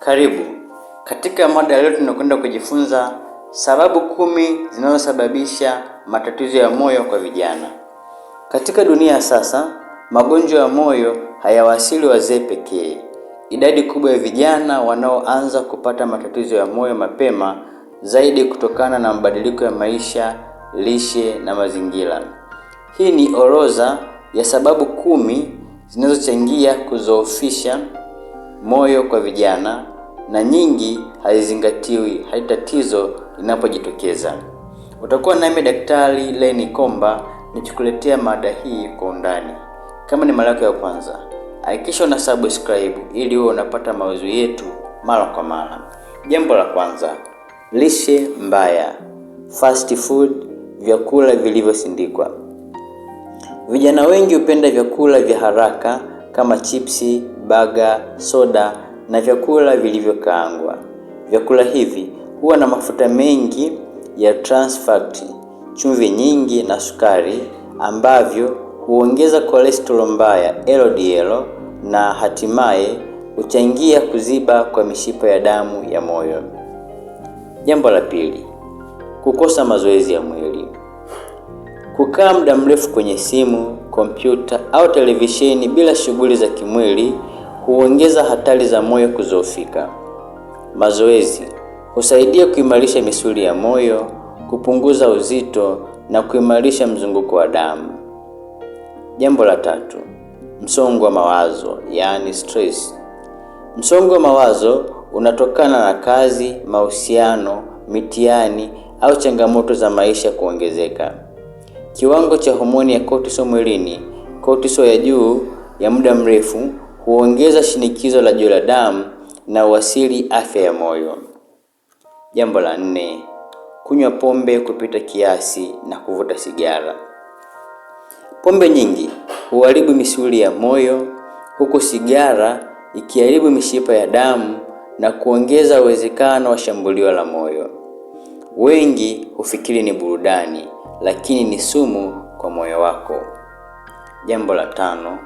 Karibu. Katika mada leo tunakwenda kujifunza sababu kumi zinazosababisha matatizo ya moyo kwa vijana. Katika dunia sasa, magonjwa ya moyo hayawasili wazee pekee. Idadi kubwa ya vijana wanaoanza kupata matatizo ya moyo mapema zaidi kutokana na mabadiliko ya maisha, lishe na mazingira. Hii ni orodha ya sababu kumi zinazochangia kuzoofisha moyo kwa vijana na nyingi haizingatiwi hadi tatizo linapojitokeza. Utakuwa nami Daktari Leni Komba nichukuletea mada hii kwa undani. Kama ni mara yako ya kwanza, hakikisha una subscribe ili uwe unapata mawazo yetu mara kwa mara. Jambo la kwanza, lishe mbaya, fast food, vyakula vilivyosindikwa. Vijana wengi hupenda vyakula vya haraka kama chipsi, baga, soda na vyakula vilivyokaangwa. Vyakula hivi huwa na mafuta mengi ya trans fat, chumvi nyingi na sukari ambavyo huongeza cholesterol mbaya LDL na hatimaye huchangia kuziba kwa mishipa ya damu ya moyo. Jambo la pili, kukosa mazoezi ya mwili. Kukaa muda mrefu kwenye simu, kompyuta au televisheni bila shughuli za kimwili huongeza hatari za moyo kuzofika. Mazoezi husaidia kuimarisha misuli ya moyo, kupunguza uzito na kuimarisha mzunguko wa damu. Jambo la tatu, msongo wa mawazo yaani stress. Msongo wa mawazo unatokana na kazi, mahusiano, mitihani au changamoto za maisha kuongezeka. Kiwango cha homoni ya cortisol mwilini, cortisol ya juu ya muda mrefu huongeza shinikizo la juu la damu na huathiri afya ya moyo. Jambo la nne, kunywa pombe kupita kiasi na kuvuta sigara. Pombe nyingi huharibu misuli ya moyo, huku sigara ikiharibu mishipa ya damu na kuongeza uwezekano wa shambulio la moyo. Wengi hufikiri ni burudani, lakini ni sumu kwa moyo wako. Jambo la tano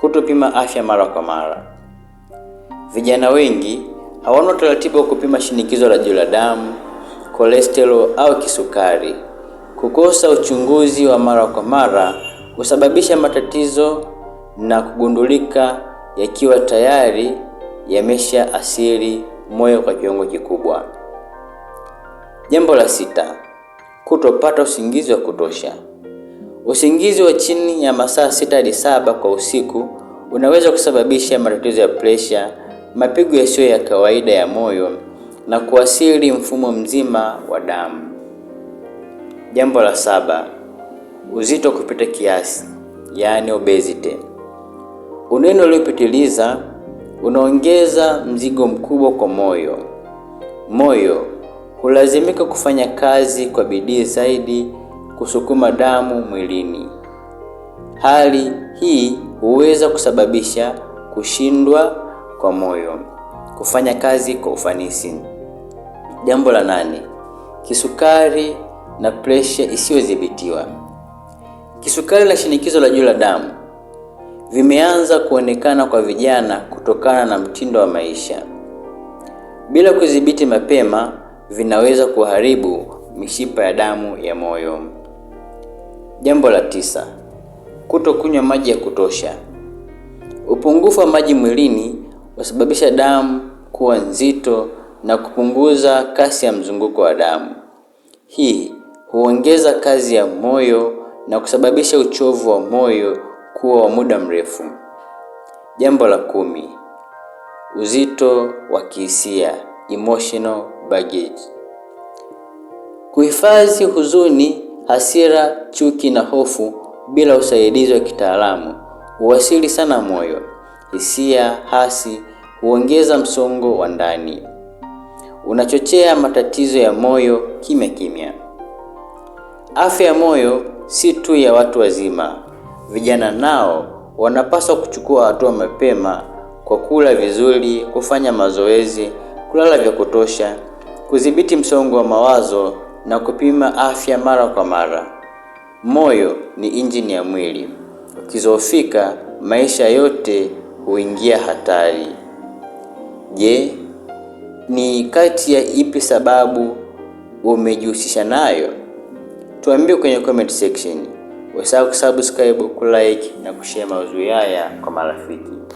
Kutopima afya mara kwa mara. Vijana wengi hawana utaratibu wa kupima shinikizo la juu la damu, kolesterol au kisukari. Kukosa uchunguzi wa mara kwa mara husababisha matatizo na kugundulika yakiwa tayari yamesha asili moyo kwa kiwango kikubwa. Jambo la sita, kutopata usingizi wa kutosha. Usingizi wa chini ya masaa sita hadi saba kwa usiku unaweza kusababisha matatizo ya presha, mapigo yasiyo ya kawaida ya moyo na kuathiri mfumo mzima wa damu. Jambo la saba, uzito kupita kiasi, yaani obesity. Unene uliopitiliza unaongeza mzigo mkubwa kwa moyo. Moyo hulazimika kufanya kazi kwa bidii zaidi kusukuma damu mwilini. Hali hii huweza kusababisha kushindwa kwa moyo kufanya kazi kwa ufanisi. Jambo la nane, kisukari na presha isiyodhibitiwa. Kisukari na shinikizo la juu la damu vimeanza kuonekana kwa vijana kutokana na mtindo wa maisha. Bila kudhibiti mapema, vinaweza kuharibu mishipa ya damu ya moyo. Jambo la tisa, kutokunywa maji ya kutosha. Upungufu wa maji mwilini husababisha damu kuwa nzito na kupunguza kasi ya mzunguko wa damu. Hii huongeza kazi ya moyo na kusababisha uchovu wa moyo kuwa wa muda mrefu. Jambo la kumi, uzito wa kihisia, emotional baggage. Kuhifadhi huzuni hasira, chuki na hofu bila usaidizi wa kitaalamu huwasili sana moyo. Hisia hasi huongeza msongo wa ndani, unachochea matatizo ya moyo kimya kimya. Afya ya moyo si tu ya watu wazima, vijana nao wanapaswa kuchukua hatua mapema kwa kula vizuri, kufanya mazoezi, kulala vya kutosha, kudhibiti msongo wa mawazo na kupima afya mara kwa mara. Moyo ni injini ya mwili, ukizofika maisha yote huingia hatari. Je, ni kati ya ipi sababu umejihusisha nayo? Tuambie kwenye comment section. Usahau kusubscribe, kulike na kushare maudhui haya kwa marafiki.